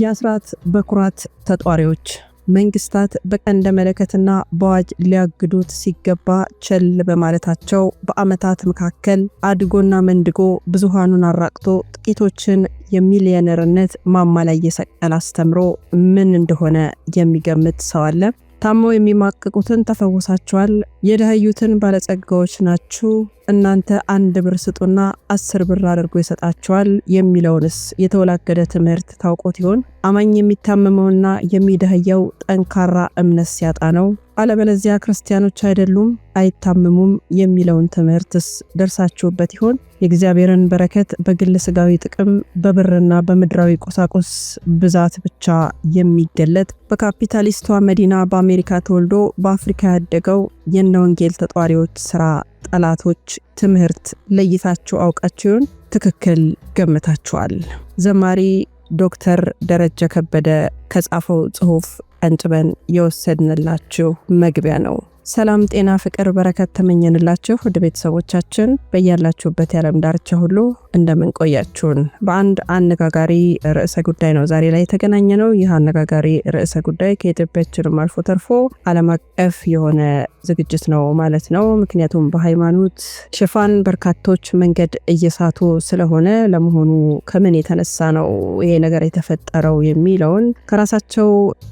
የአስራት በኩራት ተጧሪዎች መንግስታት በቀንደ መለከትና በአዋጅ ሊያግዱት ሲገባ ቸል በማለታቸው በአመታት መካከል አድጎና መንድጎ ብዙሃኑን አራቅቶ ጥቂቶችን የሚሊየነርነት ማማ ላይ የሰቀል አስተምሮ ምን እንደሆነ የሚገምት ሰው አለ? ታመው የሚማቅቁትን ተፈውሳችኋል፣ የደህዩትን ባለጸጋዎች ናችሁ እናንተ አንድ ብር ስጡና አስር ብር አድርጎ ይሰጣቸዋል የሚለውንስ የተወላገደ ትምህርት ታውቆት ይሆን? አማኝ የሚታመመውና የሚደህየው ጠንካራ እምነት ሲያጣ ነው። አለበለዚያ ክርስቲያኖች አይደሉም አይታመሙም የሚለውን ትምህርትስ ደርሳችሁበት ይሆን? የእግዚአብሔርን በረከት በግል ስጋዊ ጥቅም በብርና በምድራዊ ቁሳቁስ ብዛት ብቻ የሚገለጥ በካፒታሊስቷ መዲና በአሜሪካ ተወልዶ በአፍሪካ ያደገው የነ ወንጌል ተጧሪዎች ስራ ጠላቶች ትምህርት ለይታችሁ አውቃችሁን? ትክክል ገምታችኋል። ዘማሪ ዶክተር ደረጀ ከበደ ከጻፈው ጽሑፍ ቀንጭበን የወሰድንላችሁ መግቢያ ነው። ሰላም ጤና ፍቅር በረከት ተመኘንላችሁ ውድ ቤተሰቦቻችን በያላችሁበት የዓለም ዳርቻ ሁሉ እንደምንቆያችሁን በአንድ አነጋጋሪ ርዕሰ ጉዳይ ነው ዛሬ ላይ የተገናኘ ነው። ይህ አነጋጋሪ ርዕሰ ጉዳይ ከኢትዮጵያችንም አልፎ ተርፎ ዓለም አቀፍ የሆነ ዝግጅት ነው ማለት ነው። ምክንያቱም በሃይማኖት ሽፋን በርካቶች መንገድ እየሳቱ ስለሆነ ለመሆኑ ከምን የተነሳ ነው ይሄ ነገር የተፈጠረው የሚለውን ከራሳቸው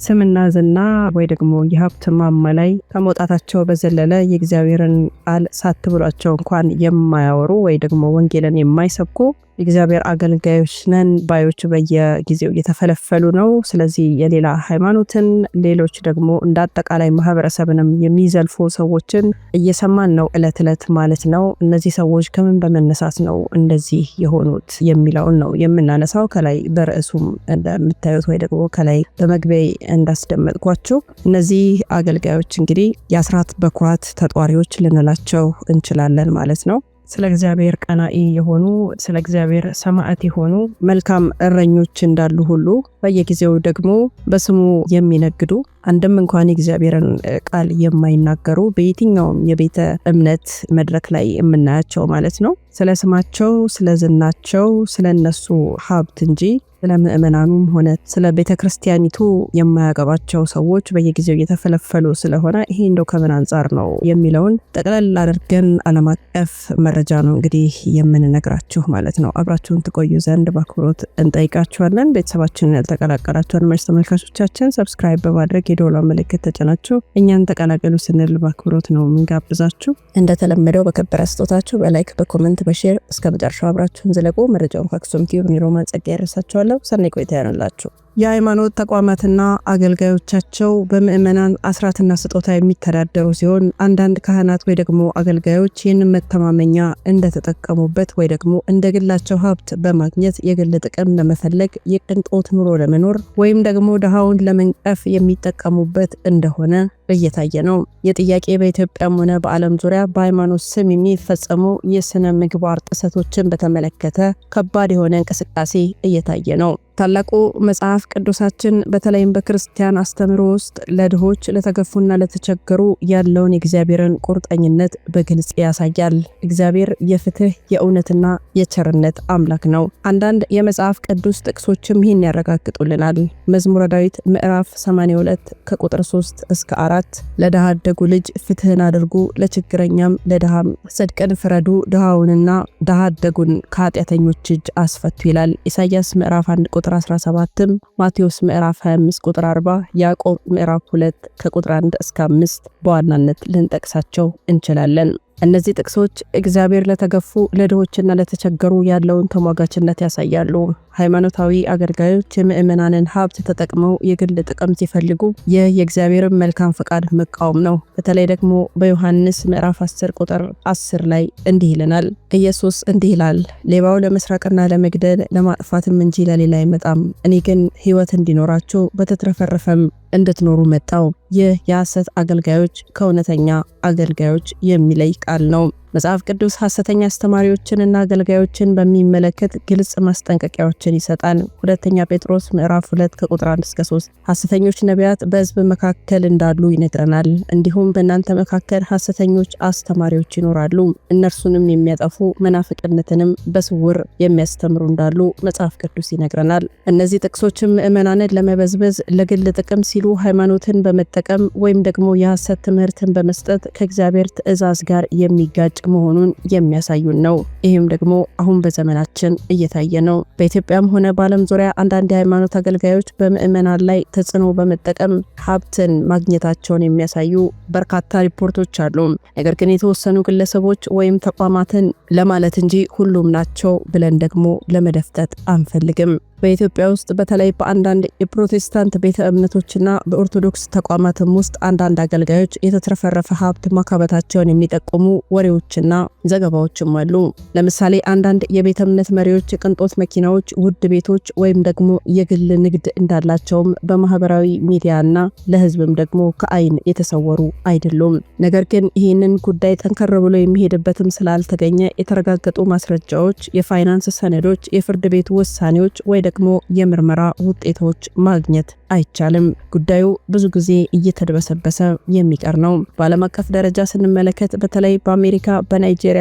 ስምና ዝና ወይ ደግሞ የሀብት ማማ ላይ ከመውጣታ ከመናገራቸው በዘለለ የእግዚአብሔርን ቃል ሳት ብሏቸው እንኳን የማያወሩ ወይ ደግሞ ወንጌልን የማይሰብኩ የእግዚአብሔር አገልጋዮች ነን ባዮች በየጊዜው እየተፈለፈሉ ነው። ስለዚህ የሌላ ሃይማኖትን ሌሎች ደግሞ እንደ አጠቃላይ ማህበረሰብንም የሚዘልፉ ሰዎችን እየሰማን ነው እለት እለት ማለት ነው። እነዚህ ሰዎች ከምን በመነሳት ነው እንደዚህ የሆኑት የሚለውን ነው የምናነሳው። ከላይ በርዕሱም እንደምታዩት ወይ ደግሞ ከላይ በመግቢያ እንዳስደመጥኳችሁ እነዚህ አገልጋዮች እንግዲህ የአስራት በኩራት ተጧሪዎች ልንላቸው እንችላለን ማለት ነው። ስለ እግዚአብሔር ቀናኢ የሆኑ ስለ እግዚአብሔር ሰማዕት የሆኑ መልካም እረኞች እንዳሉ ሁሉ በየጊዜው ደግሞ በስሙ የሚነግዱ አንድም እንኳን የእግዚአብሔርን ቃል የማይናገሩ በየትኛውም የቤተ እምነት መድረክ ላይ የምናያቸው ማለት ነው። ስለ ስማቸው፣ ስለ ዝናቸው፣ ስለ እነሱ ሀብት እንጂ ስለ ምእመናኑም ሆነ ስለ ቤተ ክርስቲያኒቱ የማያገባቸው ሰዎች በየጊዜው እየተፈለፈሉ ስለሆነ ይሄ እንደው ከምን አንጻር ነው የሚለውን ጠቅለል አድርገን ዓለም አቀፍ መረጃ ነው እንግዲህ የምንነግራችሁ ማለት ነው። አብራችሁን ትቆዩ ዘንድ በአክብሮት እንጠይቃችኋለን። ቤተሰባችንን ያልተቀላቀላችሁ አድማጭ ተመልካቾቻችን ሰብስክራይብ በማድረግ የደወሏን ምልክት ተጭናችሁ እኛን ተቀላቀሉ ስንል በአክብሮት ነው የምንጋብዛችሁ። እንደተለመደው በከበረ ስጦታችሁ በላይክ በኮመንት ኮመንት፣ በሼር እስከ መጨረሻው አብራችሁን ዘለቁ። መረጃውን ከአክሱም ቲዩብ ኒሮማን ጸጋ ያደርሳችኋለሁ። ሰናይ ቆይታ ያኑላችሁ። የሃይማኖት ተቋማትና አገልጋዮቻቸው በምዕመናን አስራትና ስጦታ የሚተዳደሩ ሲሆን አንዳንድ ካህናት ወይ ደግሞ አገልጋዮች ይህን መተማመኛ እንደተጠቀሙበት ወይ ደግሞ እንደ ግላቸው ሀብት በማግኘት የግል ጥቅም ለመፈለግ የቅንጦት ኑሮ ለመኖር ወይም ደግሞ ድሃውን ለመንቀፍ የሚጠቀሙበት እንደሆነ እየታየ ነው። የጥያቄ በኢትዮጵያም ሆነ በዓለም ዙሪያ በሃይማኖት ስም የሚፈጸሙ የስነ ምግባር ጥሰቶችን በተመለከተ ከባድ የሆነ እንቅስቃሴ እየታየ ነው። ታላቁ መጽሐፍ ቅዱሳችን በተለይም በክርስቲያን አስተምሮ ውስጥ ለድሆች ለተገፉና ለተቸገሩ ያለውን የእግዚአብሔርን ቁርጠኝነት በግልጽ ያሳያል። እግዚአብሔር የፍትህ የእውነትና የቸርነት አምላክ ነው። አንዳንድ የመጽሐፍ ቅዱስ ጥቅሶችም ይህን ያረጋግጡልናል። መዝሙረ ዳዊት ምዕራፍ 82 ከቁጥር 3 እስከ 4 ለድሃ አደጉ ልጅ ፍትህን አድርጉ፣ ለችግረኛም ለድሃም ጽድቅን ፍረዱ፣ ድሃውንና ድሃ አደጉን ከኃጢአተኞች እጅ አስፈቱ ይላል። ኢሳያስ ምዕራፍ 1 ቁጥር ቁጥር 17 ማቴዎስ ምዕራፍ 25 ቁጥር 40 ያዕቆብ ምዕራፍ 2 ከቁጥር 1 እስከ 5 በዋናነት ልንጠቅሳቸው እንችላለን። እነዚህ ጥቅሶች እግዚአብሔር ለተገፉ ለድሆችና ለተቸገሩ ያለውን ተሟጋችነት ያሳያሉ። ሃይማኖታዊ አገልጋዮች የምእመናንን ሀብት ተጠቅመው የግል ጥቅም ሲፈልጉ ይህ የእግዚአብሔርን መልካም ፈቃድ መቃወም ነው። በተለይ ደግሞ በዮሐንስ ምዕራፍ 10 ቁጥር 10 ላይ እንዲህ ይለናል። ኢየሱስ እንዲህ ይላል፣ ሌባው ለመስራቅና ለመግደል ለማጥፋትም እንጂ ለሌላ አይመጣም። እኔ ግን ህይወት እንዲኖራችሁ በተትረፈረፈም እንድትኖሩ መጣው። ይህ የሐሰት አገልጋዮች ከእውነተኛ አገልጋዮች የሚለይ ቃል ነው። መጽሐፍ ቅዱስ ሐሰተኛ አስተማሪዎችንና አገልጋዮችን በሚመለከት ግልጽ ማስጠንቀቂያዎችን ይሰጣል። ሁለተኛ ጴጥሮስ ምዕራፍ 2 ከቁጥር 1 እስከ 3 ሐሰተኞች ነቢያት በሕዝብ መካከል እንዳሉ ይነግረናል። እንዲሁም በእናንተ መካከል ሐሰተኞች አስተማሪዎች ይኖራሉ፣ እነርሱንም የሚያጠፉ መናፍቅነትንም በስውር የሚያስተምሩ እንዳሉ መጽሐፍ ቅዱስ ይነግረናል። እነዚህ ጥቅሶችም ምዕመናንን ለመበዝበዝ ለግል ጥቅም ሲሉ ሃይማኖትን በመጠቀም ወይም ደግሞ የሐሰት ትምህርትን በመስጠት ከእግዚአብሔር ትእዛዝ ጋር የሚጋጭ መሆኑን የሚያሳዩን ነው። ይህም ደግሞ አሁን በዘመናችን እየታየ ነው። በኢትዮጵያም ሆነ በዓለም ዙሪያ አንዳንድ የሃይማኖት አገልጋዮች በምዕመናን ላይ ተጽዕኖ በመጠቀም ሀብትን ማግኘታቸውን የሚያሳዩ በርካታ ሪፖርቶች አሉ። ነገር ግን የተወሰኑ ግለሰቦች ወይም ተቋማትን ለማለት እንጂ ሁሉም ናቸው ብለን ደግሞ ለመደፍተት አንፈልግም። በኢትዮጵያ ውስጥ በተለይ በአንዳንድ የፕሮቴስታንት ቤተ እምነቶችና በኦርቶዶክስ ተቋማትም ውስጥ አንዳንድ አገልጋዮች የተትረፈረፈ ሀብት ማካበታቸውን የሚጠቁሙ ወሬዎችና ዘገባዎችም አሉ። ለምሳሌ አንዳንድ የቤተ እምነት መሪዎች የቅንጦት መኪናዎች፣ ውድ ቤቶች ወይም ደግሞ የግል ንግድ እንዳላቸውም በማህበራዊ ሚዲያና ለህዝብም ደግሞ ከአይን የተሰወሩ አይደሉም። ነገር ግን ይህንን ጉዳይ ጠንከር ብሎ የሚሄድበትም ስላልተገኘ የተረጋገጡ ማስረጃዎች፣ የፋይናንስ ሰነዶች፣ የፍርድ ቤት ውሳኔዎች ወይ ደግሞ የምርመራ ውጤቶች ማግኘት አይቻልም። ጉዳዩ ብዙ ጊዜ እየተደበሰበሰ የሚቀር ነው። በዓለም አቀፍ ደረጃ ስንመለከት በተለይ በአሜሪካ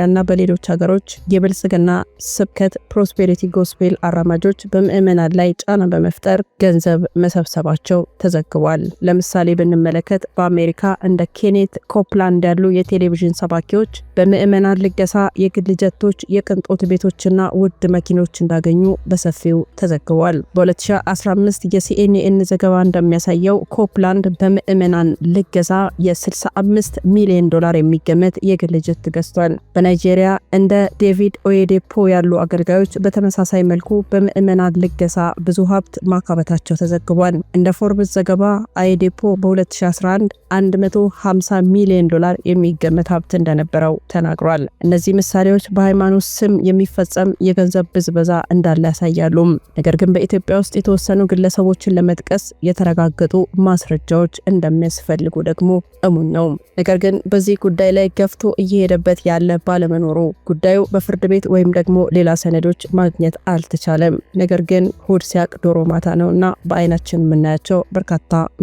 እና በሌሎች ሀገሮች የብልጽግና ስብከት ፕሮስፔሪቲ ጎስፔል አራማጆች በምዕመናን ላይ ጫና በመፍጠር ገንዘብ መሰብሰባቸው ተዘግቧል። ለምሳሌ ብንመለከት በአሜሪካ እንደ ኬኔት ኮፕላንድ ያሉ የቴሌቪዥን ሰባኪዎች በምዕመናን ልገሳ የግል ጀቶች፣ የቅንጦት ቤቶችና ውድ መኪኖች እንዳገኙ በሰፊው ተዘግ ዘግቧል። በ2015 የሲኤንኤን ዘገባ እንደሚያሳየው ኮፕላንድ በምዕመናን ልገዛ የ65 ሚሊዮን ዶላር የሚገመት የግል ጀት ገዝቷል። በናይጄሪያ እንደ ዴቪድ ኦየዴፖ ያሉ አገልጋዮች በተመሳሳይ መልኩ በምዕመናን ልገሳ ብዙ ሀብት ማካበታቸው ተዘግቧል። እንደ ፎርብስ ዘገባ አየዴፖ በ2011 150 ሚሊዮን ዶላር የሚገመት ሀብት እንደነበረው ተናግሯል። እነዚህ ምሳሌዎች በሃይማኖት ስም የሚፈጸም የገንዘብ ብዝበዛ እንዳለ ያሳያሉም። ነገር ግን በኢትዮጵያ ውስጥ የተወሰኑ ግለሰቦችን ለመጥቀስ የተረጋገጡ ማስረጃዎች እንደሚያስፈልጉ ደግሞ እሙን ነው። ነገር ግን በዚህ ጉዳይ ላይ ገፍቶ እየሄደበት ያለ ባለመኖሩ ጉዳዩ በፍርድ ቤት ወይም ደግሞ ሌላ ሰነዶች ማግኘት አልተቻለም። ነገር ግን ሆድ ሲያቅ ዶሮ ማታ ነው እና በአይናችን የምናያቸው በርካታ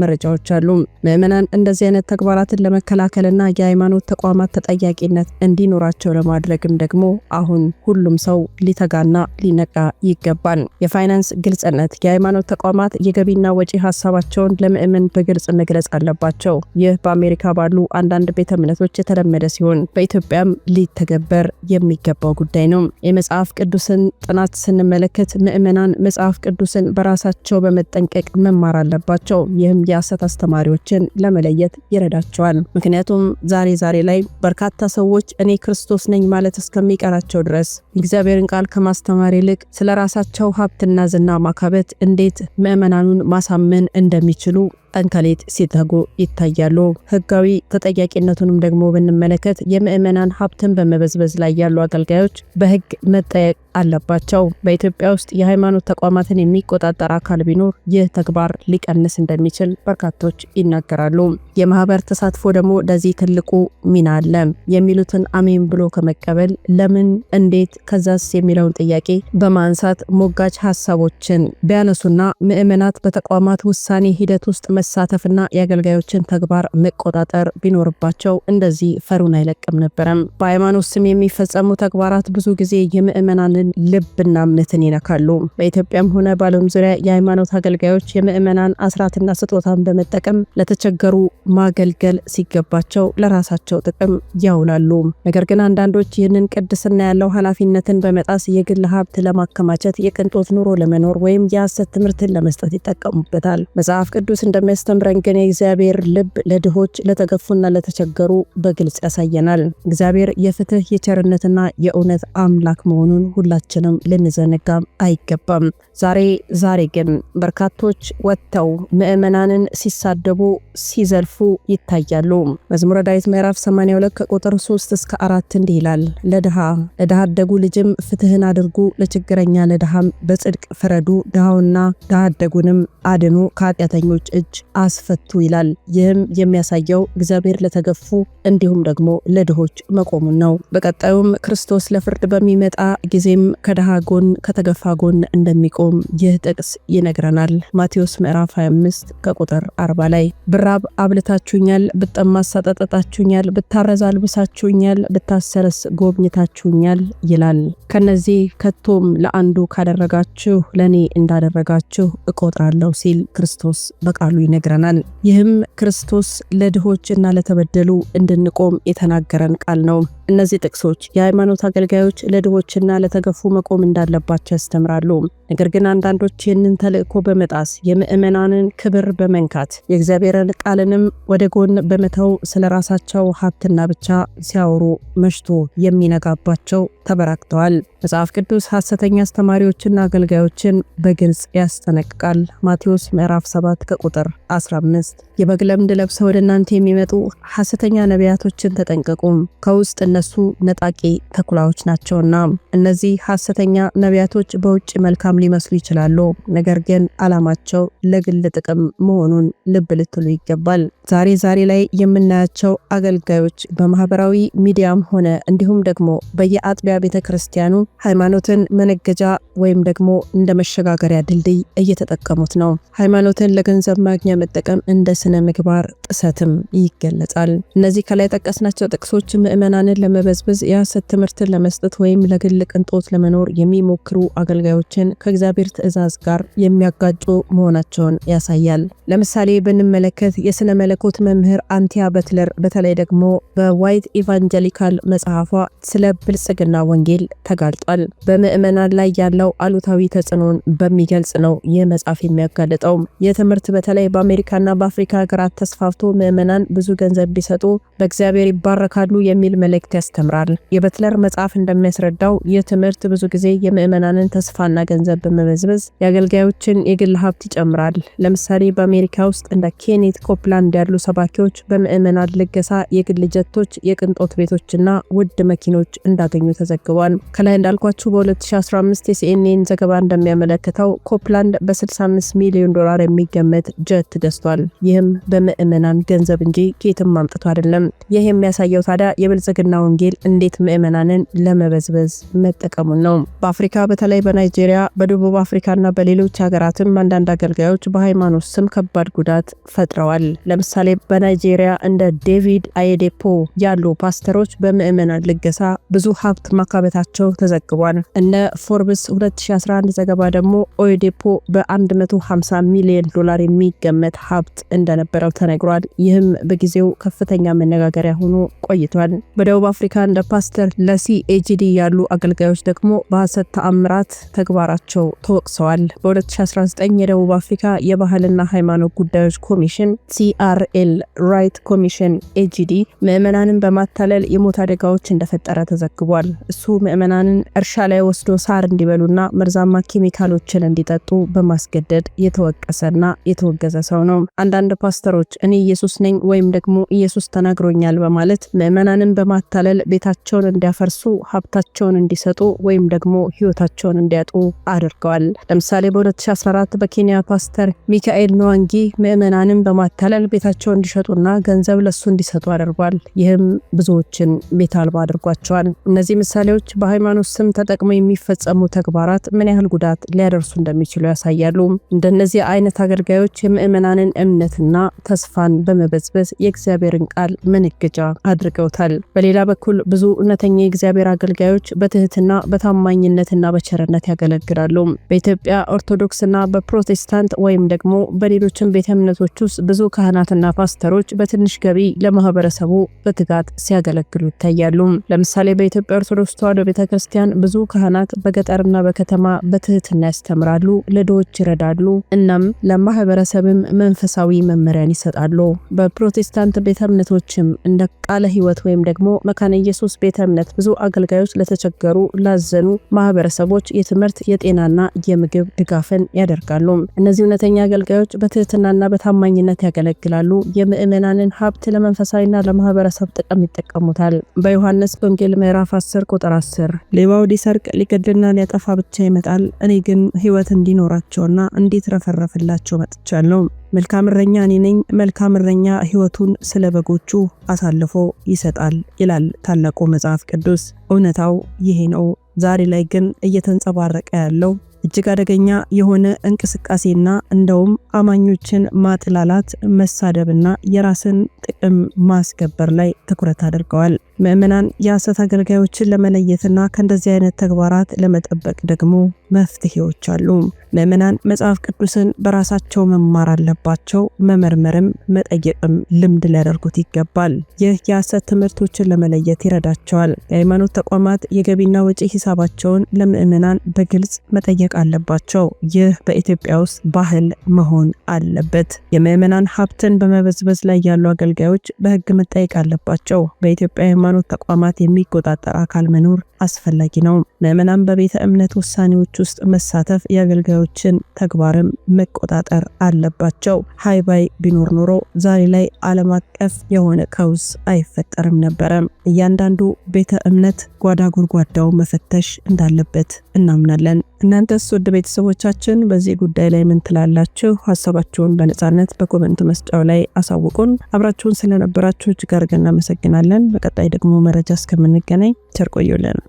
መረጃዎች አሉ። ምዕመናን እንደዚህ አይነት ተግባራትን ለመከላከልና የሃይማኖት ተቋማት ተጠያቂነት እንዲኖራቸው ለማድረግም ደግሞ አሁን ሁሉም ሰው ሊተጋና ሊነቃ ይገባል። የፋይናንስ ፋይናንስ ግልጽነት የሃይማኖት ተቋማት የገቢና ወጪ ሀሳባቸውን ለምእመን በግልጽ መግለጽ አለባቸው። ይህ በአሜሪካ ባሉ አንዳንድ ቤተ እምነቶች የተለመደ ሲሆን በኢትዮጵያም ሊተገበር የሚገባው ጉዳይ ነው። የመጽሐፍ ቅዱስን ጥናት ስንመለከት ምእመናን መጽሐፍ ቅዱስን በራሳቸው በመጠንቀቅ መማር አለባቸው። ይህም የሐሰት አስተማሪዎችን ለመለየት ይረዳቸዋል። ምክንያቱም ዛሬ ዛሬ ላይ በርካታ ሰዎች እኔ ክርስቶስ ነኝ ማለት እስከሚቀራቸው ድረስ የእግዚአብሔርን ቃል ከማስተማር ይልቅ ስለ ራሳቸው ሀብትና መያዝና ማካበት እንዴት ምዕመናኑን ማሳመን እንደሚችሉ ጠንከሌት ከሌት ሲተጉ ይታያሉ። ህጋዊ ተጠያቂነቱንም ደግሞ ብንመለከት የምዕመናን ሀብትን በመበዝበዝ ላይ ያሉ አገልጋዮች በህግ መጠየቅ አለባቸው። በኢትዮጵያ ውስጥ የሃይማኖት ተቋማትን የሚቆጣጠር አካል ቢኖር ይህ ተግባር ሊቀንስ እንደሚችል በርካቶች ይናገራሉ። የማህበር ተሳትፎ ደግሞ ለዚህ ትልቁ ሚና አለ የሚሉትን አሜን ብሎ ከመቀበል ለምን፣ እንዴት፣ ከዛስ የሚለውን ጥያቄ በማንሳት ሞጋች ሀሳቦችን ቢያነሱና ምዕመናት በተቋማት ውሳኔ ሂደት ውስጥ መሳተፍና የአገልጋዮችን ተግባር መቆጣጠር ቢኖርባቸው እንደዚህ ፈሩን አይለቅም ነበረም። በሃይማኖት ስም የሚፈጸሙ ተግባራት ብዙ ጊዜ የምእመናንን ልብና እምነትን ይነካሉ። በኢትዮጵያም ሆነ በዓለም ዙሪያ የሃይማኖት አገልጋዮች የምዕመናን አስራትና ስጦታን በመጠቀም ለተቸገሩ ማገልገል ሲገባቸው ለራሳቸው ጥቅም ያውላሉ። ነገር ግን አንዳንዶች ይህንን ቅድስና ያለው ኃላፊነትን በመጣስ የግል ሀብት ለማከማቸት፣ የቅንጦት ኑሮ ለመኖር ወይም የሐሰት ትምህርትን ለመስጠት ይጠቀሙበታል። መጽሐፍ ቅዱስ እንደ የሚያስተምረን ግን የእግዚአብሔር ልብ ለድሆች ለተገፉና ለተቸገሩ በግልጽ ያሳየናል። እግዚአብሔር የፍትህ የቸርነትና የእውነት አምላክ መሆኑን ሁላችንም ልንዘነጋ አይገባም። ዛሬ ዛሬ ግን በርካቶች ወጥተው ምዕመናንን ሲሳደቡ፣ ሲዘልፉ ይታያሉ። መዝሙረ ዳዊት ምዕራፍ 82 ከቁጥር 3 እስከ 4 እንዲህ ይላል፣ ለድሃ ለድሃ አደጉ ልጅም ፍትህን አድርጉ፣ ለችግረኛ ለድሃም በጽድቅ ፍረዱ፣ ድሃውና ድሃ አደጉንም አድኑ ከኃጢአተኞች እጅ አስፈቱ ይላል። ይህም የሚያሳየው እግዚአብሔር ለተገፉ እንዲሁም ደግሞ ለድሆች መቆሙን ነው። በቀጣዩም ክርስቶስ ለፍርድ በሚመጣ ጊዜም ከድሃ ጎን ከተገፋ ጎን እንደሚቆም ይህ ጥቅስ ይነግረናል። ማቴዎስ ምዕራፍ 25 ከቁጥር 40 ላይ ብራብ አብልታችሁኛል፣ ብጠማ አሳጠጠጣችሁኛል፣ ብታረዛ አልብሳችሁኛል፣ ብታሰረስ ጎብኝታችሁኛል ይላል። ከነዚህ ከቶም ለአንዱ ካደረጋችሁ ለእኔ እንዳደረጋችሁ እቆጥራለሁ ሲል ክርስቶስ በቃሉ ይነግረናል። ይህም ክርስቶስ ለድሆች እና ለተበደሉ እንድንቆም የተናገረን ቃል ነው። እነዚህ ጥቅሶች የሃይማኖት አገልጋዮች ለድሆችና ለተገፉ መቆም እንዳለባቸው ያስተምራሉ። ነገር ግን አንዳንዶች ይህንን ተልእኮ በመጣስ የምዕመናንን ክብር በመንካት የእግዚአብሔርን ቃልንም ወደ ጎን በመተው ስለ ራሳቸው ሀብትና ብቻ ሲያወሩ መሽቶ የሚነጋባቸው ተበራክተዋል። መጽሐፍ ቅዱስ ሐሰተኛ አስተማሪዎችና አገልጋዮችን በግልጽ ያስጠነቅቃል። ማቴዎስ ምዕራፍ 7 ከቁጥር 15 የበግ ለምድ ለብሰው ወደ እናንተ የሚመጡ ሐሰተኛ ነቢያቶችን ተጠንቀቁ፣ ከውስጥ እነሱ ነጣቂ ተኩላዎች ናቸውና። እነዚህ ሐሰተኛ ነቢያቶች በውጭ መልካም ሊመስሉ ይችላሉ፣ ነገር ግን ዓላማቸው ለግል ጥቅም መሆኑን ልብ ልትሉ ይገባል። ዛሬ ዛሬ ላይ የምናያቸው አገልጋዮች በማህበራዊ ሚዲያም ሆነ እንዲሁም ደግሞ በየአጥቢያ ቤተ ክርስቲያኑ ሃይማኖትን መነገጃ ወይም ደግሞ እንደ መሸጋገሪያ ድልድይ እየተጠቀሙት ነው። ሃይማኖትን ለገንዘብ ማግኛ መጠቀም እንደ ስነ ምግባር ጥሰትም ይገለጻል። እነዚህ ከላይ የጠቀስናቸው ጥቅሶች ምዕመናንን ለመበዝበዝ የሐሰት ትምህርትን ለመስጠት ወይም ለግል ቅንጦት ለመኖር የሚሞክሩ አገልጋዮችን ከእግዚአብሔር ትእዛዝ ጋር የሚያጋጩ መሆናቸውን ያሳያል። ለምሳሌ ብንመለከት የስነ መለኮት መምህር አንቲያ በትለር በተለይ ደግሞ በዋይት ኢቫንጀሊካል መጽሐፏ ስለ ብልጽግና ወንጌል ተጋልጧል። በምዕመናን ላይ ያለው አሉታዊ ተጽዕኖን በሚገልጽ ነው ይህ መጽሐፍ የሚያጋልጠው። ይህ ትምህርት በተለይ በአሜሪካና በአፍሪካ ሀገራት ተስፋፍቶ ምዕመናን ብዙ ገንዘብ ቢሰጡ በእግዚአብሔር ይባረካሉ የሚል መልእክት ያስተምራል። የበትለር መጽሐፍ እንደሚያስረዳው ይህ ትምህርት ብዙ ጊዜ የምዕመናንን ተስፋና ገንዘብ በመበዝበዝ የአገልጋዮችን የግል ሀብት ይጨምራል። ለምሳሌ በአሜሪካ ውስጥ እንደ ኬኔት ኮፕላንድ ያሉ ሰባኪዎች በምዕመናን ልገሳ የግል ጀቶች፣ የቅንጦት ቤቶችና ውድ መኪኖች እንዳገኙ ተዘግቧል። ከላይ እንዳልኳችሁ በ2015 የሲኤንኤን ዘገባ እንደሚያመለክተው ኮፕላንድ በ65 ሚሊዮን ዶላር የሚገመት ጀት ገዝቷል። ይህም ይህም በምዕመናን ገንዘብ እንጂ ጌትም ማምጥቶ አይደለም። ይህ የሚያሳየው ታዲያ የብልጽግና ወንጌል እንዴት ምዕመናንን ለመበዝበዝ መጠቀሙን ነው። በአፍሪካ በተለይ በናይጄሪያ፣ በደቡብ አፍሪካና በሌሎች ሀገራትም አንዳንድ አገልጋዮች በሃይማኖት ስም ከባድ ጉዳት ፈጥረዋል። ለምሳሌ በናይጄሪያ እንደ ዴቪድ አየዴፖ ያሉ ፓስተሮች በምዕመናን ልገሳ ብዙ ሀብት ማካበታቸው ተዘግቧል። እንደ ፎርብስ 2011 ዘገባ ደግሞ ኦየዴፖ በ150 ሚሊዮን ዶላር የሚገመት ሀብት እንደ እንደነበረው ተነግሯል። ይህም በጊዜው ከፍተኛ መነጋገሪያ ሆኖ ቆይቷል። በደቡብ አፍሪካ እንደ ፓስተር ለሲ ኤጂዲ ያሉ አገልጋዮች ደግሞ በሐሰት ተአምራት ተግባራቸው ተወቅሰዋል። በ2019 የደቡብ አፍሪካ የባህልና ሃይማኖት ጉዳዮች ኮሚሽን ሲአርኤል ራይት ኮሚሽን ኤጂዲ ምዕመናንን በማታለል የሞት አደጋዎች እንደፈጠረ ተዘግቧል። እሱ ምዕመናንን እርሻ ላይ ወስዶ ሳር እንዲበሉና መርዛማ ኬሚካሎችን እንዲጠጡ በማስገደድ የተወቀሰና የተወገዘ ሰው ነው። አንዳንድ ፓስተሮች እኔ ኢየሱስ ነኝ ወይም ደግሞ ኢየሱስ ተናግሮኛል በማለት ምዕመናንን በማታለል ቤታቸውን እንዲያፈርሱ፣ ሀብታቸውን እንዲሰጡ ወይም ደግሞ ህይወታቸውን እንዲያጡ አድርገዋል። ለምሳሌ በ2014 በኬንያ ፓስተር ሚካኤል ንዋንጊ ምዕመናንን በማታለል ቤታቸውን እንዲሸጡና ገንዘብ ለሱ እንዲሰጡ አድርጓል። ይህም ብዙዎችን ቤት አልባ አድርጓቸዋል። እነዚህ ምሳሌዎች በሃይማኖት ስም ተጠቅመው የሚፈጸሙ ተግባራት ምን ያህል ጉዳት ሊያደርሱ እንደሚችሉ ያሳያሉ። እንደነዚህ አይነት አገልጋዮች የምዕመናንን እምነትና ፍርሃትና ተስፋን በመበዝበዝ የእግዚአብሔርን ቃል መነገጃ አድርገውታል። በሌላ በኩል ብዙ እውነተኛ የእግዚአብሔር አገልጋዮች በትህትና በታማኝነትና በቸርነት ያገለግላሉ። በኢትዮጵያ ኦርቶዶክስና በፕሮቴስታንት ወይም ደግሞ በሌሎችም ቤተ እምነቶች ውስጥ ብዙ ካህናትና ፓስተሮች በትንሽ ገቢ ለማህበረሰቡ በትጋት ሲያገለግሉ ይታያሉ። ለምሳሌ በኢትዮጵያ ኦርቶዶክስ ተዋሕዶ ቤተ ክርስቲያን ብዙ ካህናት በገጠርና በከተማ በትህትና ያስተምራሉ፣ ለድሆች ይረዳሉ፣ እናም ለማህበረሰብም መንፈሳዊ መ መመሪያን ይሰጣሉ። በፕሮቴስታንት ቤተ እምነቶችም እንደ ቃለ ሕይወት ወይም ደግሞ መካነ ኢየሱስ ቤተ እምነት ብዙ አገልጋዮች ለተቸገሩ፣ ላዘኑ ማህበረሰቦች የትምህርት የጤናና የምግብ ድጋፍን ያደርጋሉ። እነዚህ እውነተኛ አገልጋዮች በትህትናና በታማኝነት ያገለግላሉ። የምዕመናንን ሀብት ለመንፈሳዊና ለማህበረሰብ ጥቅም ይጠቀሙታል። በዮሐንስ ወንጌል ምዕራፍ 10 ቁጥር 10 ሌባው ሊሰርቅ ሊገድልና ሊያጠፋ ብቻ ይመጣል፣ እኔ ግን ሕይወት እንዲኖራቸውና እንዲትረፈረፍላቸው መጥቻለሁ። መልካም እረኛ እኔ ነኝ፣ መልካም እረኛ ሕይወቱን ስለ በጎቹ አሳልፎ ይሰጣል ይላል ታላቁ መጽሐፍ ቅዱስ። እውነታው ይሄ ነው። ዛሬ ላይ ግን እየተንጸባረቀ ያለው እጅግ አደገኛ የሆነ እንቅስቃሴና እንደውም አማኞችን ማጥላላት፣ መሳደብና የራስን ጥቅም ማስከበር ላይ ትኩረት አድርገዋል። ምእመናን የሐሰት አገልጋዮችን ለመለየትና ከእንደዚህ አይነት ተግባራት ለመጠበቅ ደግሞ መፍትሄዎች አሉ። ምእመናን መጽሐፍ ቅዱስን በራሳቸው መማር አለባቸው። መመርመርም መጠየቅም ልምድ ሊያደርጉት ይገባል። ይህ የሐሰት ትምህርቶችን ለመለየት ይረዳቸዋል። የሃይማኖት ተቋማት የገቢና ወጪ ሂሳባቸውን ለምእመናን በግልጽ መጠየቅ አለባቸው። ይህ በኢትዮጵያ ውስጥ ባህል መሆን አለበት። የምእመናን ሀብትን በመበዝበዝ ላይ ያሉ አገልጋዮች በህግ መጠየቅ አለባቸው። በኢትዮጵያ የሃይማኖት ተቋማት የሚቆጣጠር አካል መኖር አስፈላጊ ነው። ምዕመናን በቤተ እምነት ውሳኔዎች ውስጥ መሳተፍ፣ የአገልጋዮችን ተግባርም መቆጣጠር አለባቸው። ሃይባይ ቢኖር ኖሮ ዛሬ ላይ ዓለም አቀፍ የሆነ ቀውስ አይፈጠርም ነበረም። እያንዳንዱ ቤተ እምነት ጓዳ ጎድጓዳው መፈተሽ እንዳለበት እናምናለን። እናንተስ ውድ ቤተሰቦቻችን በዚህ ጉዳይ ላይ ምን ትላላችሁ? ሀሳባችሁን በነጻነት በኮመንት መስጫው ላይ አሳውቁን። አብራችሁን ስለነበራችሁ እጅግ አድርገን እናመሰግናለን። በቀጣይ ደግሞ መረጃ እስከምንገናኝ ቸር ቆዩልን።